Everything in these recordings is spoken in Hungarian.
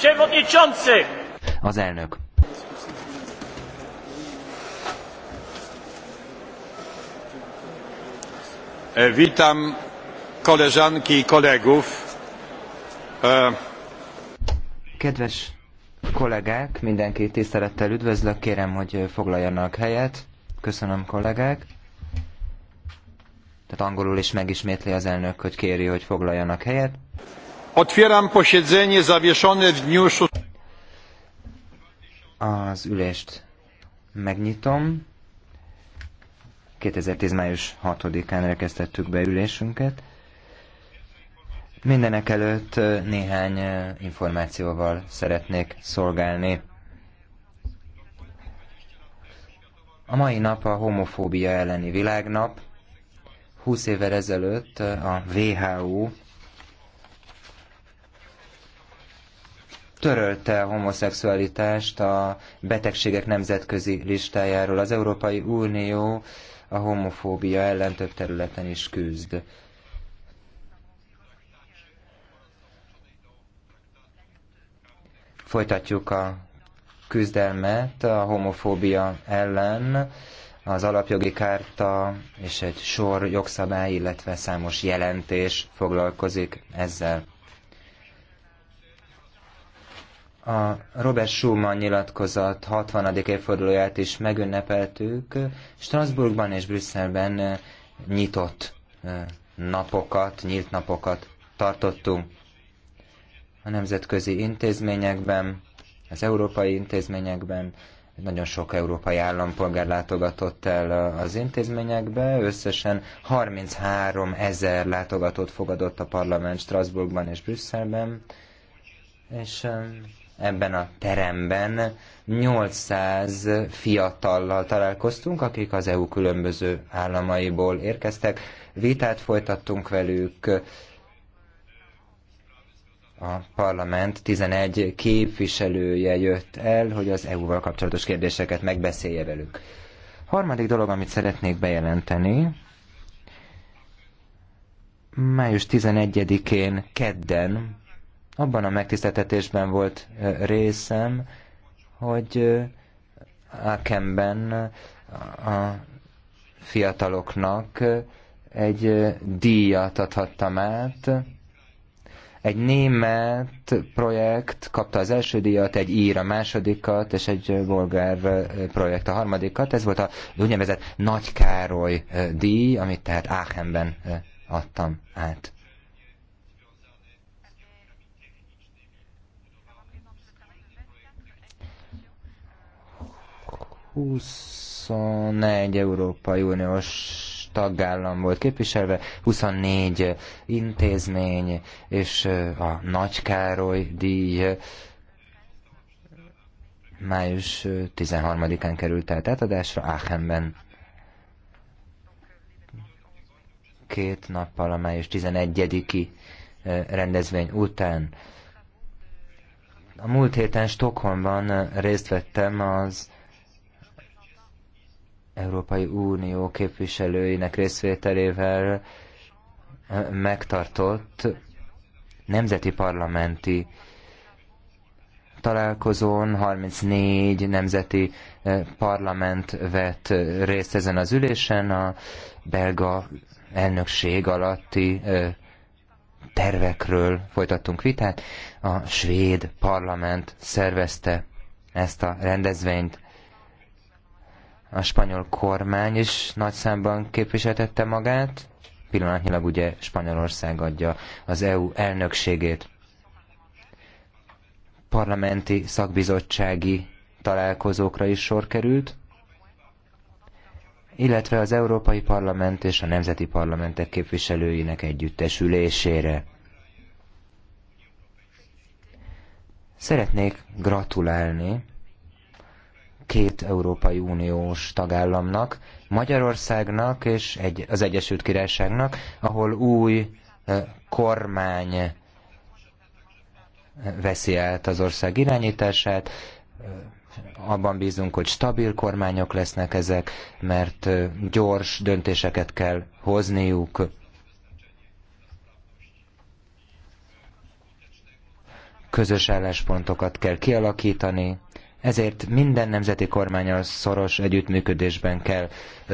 Przewodniczący! Az elnök. E, witam koleżanki i kolegów. E, Kedves kollégák, mindenki tisztelettel üdvözlök, kérem, hogy foglaljanak helyet. Köszönöm, kollégák. Tehát angolul is megismétli az elnök, hogy kéri, hogy foglaljanak helyet. Otwieram posiedzenie zawieszone w dniu... Az ülést megnyitom. 2010. május 6-án rekesztettük be ülésünket. Mindenek előtt néhány információval szeretnék szolgálni. A mai nap a homofóbia elleni világnap. 20 évvel ezelőtt a WHO törölte a homoszexualitást a betegségek nemzetközi listájáról. Az Európai Unió a homofóbia ellen több területen is küzd. Folytatjuk a küzdelmet a homofóbia ellen, az alapjogi kárta és egy sor jogszabály, illetve számos jelentés foglalkozik ezzel. A Robert Schumann nyilatkozat 60. évfordulóját is megünnepeltük. Strasbourgban és Brüsszelben eh, nyitott eh, napokat, nyílt napokat tartottunk. A nemzetközi intézményekben, az európai intézményekben, nagyon sok európai állampolgár látogatott el eh, az intézményekbe, összesen 33 ezer látogatót fogadott a parlament Strasbourgban és Brüsszelben, és ebben a teremben 800 fiatallal találkoztunk, akik az EU különböző államaiból érkeztek. Vitát folytattunk velük, a parlament 11 képviselője jött el, hogy az EU-val kapcsolatos kérdéseket megbeszélje velük. Harmadik dolog, amit szeretnék bejelenteni, május 11-én kedden abban a megtiszteltetésben volt részem, hogy Akemben a fiataloknak egy díjat adhattam át. Egy német projekt kapta az első díjat, egy ír a másodikat, és egy bolgár projekt a harmadikat. Ez volt a úgynevezett Nagy Károly díj, amit tehát Áchenben adtam át. 21 Európai Uniós tagállam volt képviselve, 24 intézmény és a Nagy Károly díj május 13-án került át átadásra Aachenben. Két nappal a május 11-i rendezvény után. A múlt héten Stockholmban részt vettem az Európai Unió képviselőinek részvételével megtartott nemzeti parlamenti találkozón 34 nemzeti parlament vett részt ezen az ülésen a belga elnökség alatti tervekről folytattunk vitát. A svéd parlament szervezte ezt a rendezvényt a spanyol kormány is nagy számban képviseltette magát, pillanatnyilag ugye Spanyolország adja az EU elnökségét. Parlamenti szakbizottsági találkozókra is sor került, illetve az Európai Parlament és a Nemzeti Parlamentek képviselőinek együttesülésére. Szeretnék gratulálni két Európai Uniós tagállamnak, Magyarországnak és egy, az Egyesült Királyságnak, ahol új eh, kormány eh, veszi át az ország irányítását. Eh, abban bízunk, hogy stabil kormányok lesznek ezek, mert gyors döntéseket kell hozniuk. Közös álláspontokat kell kialakítani, ezért minden nemzeti az szoros együttműködésben kell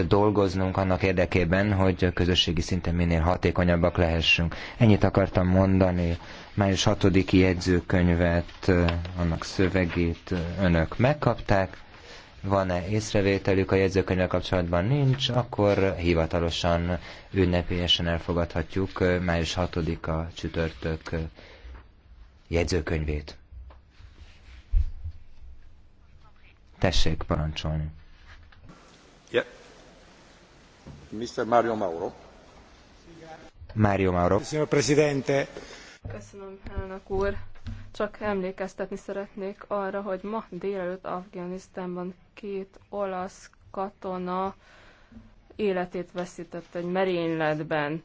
dolgoznunk annak érdekében, hogy a közösségi szinten minél hatékonyabbak lehessünk. Ennyit akartam mondani. Május 6 jegyzőkönyvet, annak szövegét önök megkapták. Van-e észrevételük a jegyzőkönyvvel kapcsolatban? Nincs, akkor hivatalosan ünnepélyesen elfogadhatjuk május 6-a csütörtök jegyzőkönyvét. Tessék parancsolni. Yeah. Mr. Mario Mauro. Mario Mauro. Signor Presidente. Köszönöm, elnök úr. Csak emlékeztetni szeretnék arra, hogy ma délelőtt Afganisztánban két olasz katona életét veszített egy merényletben.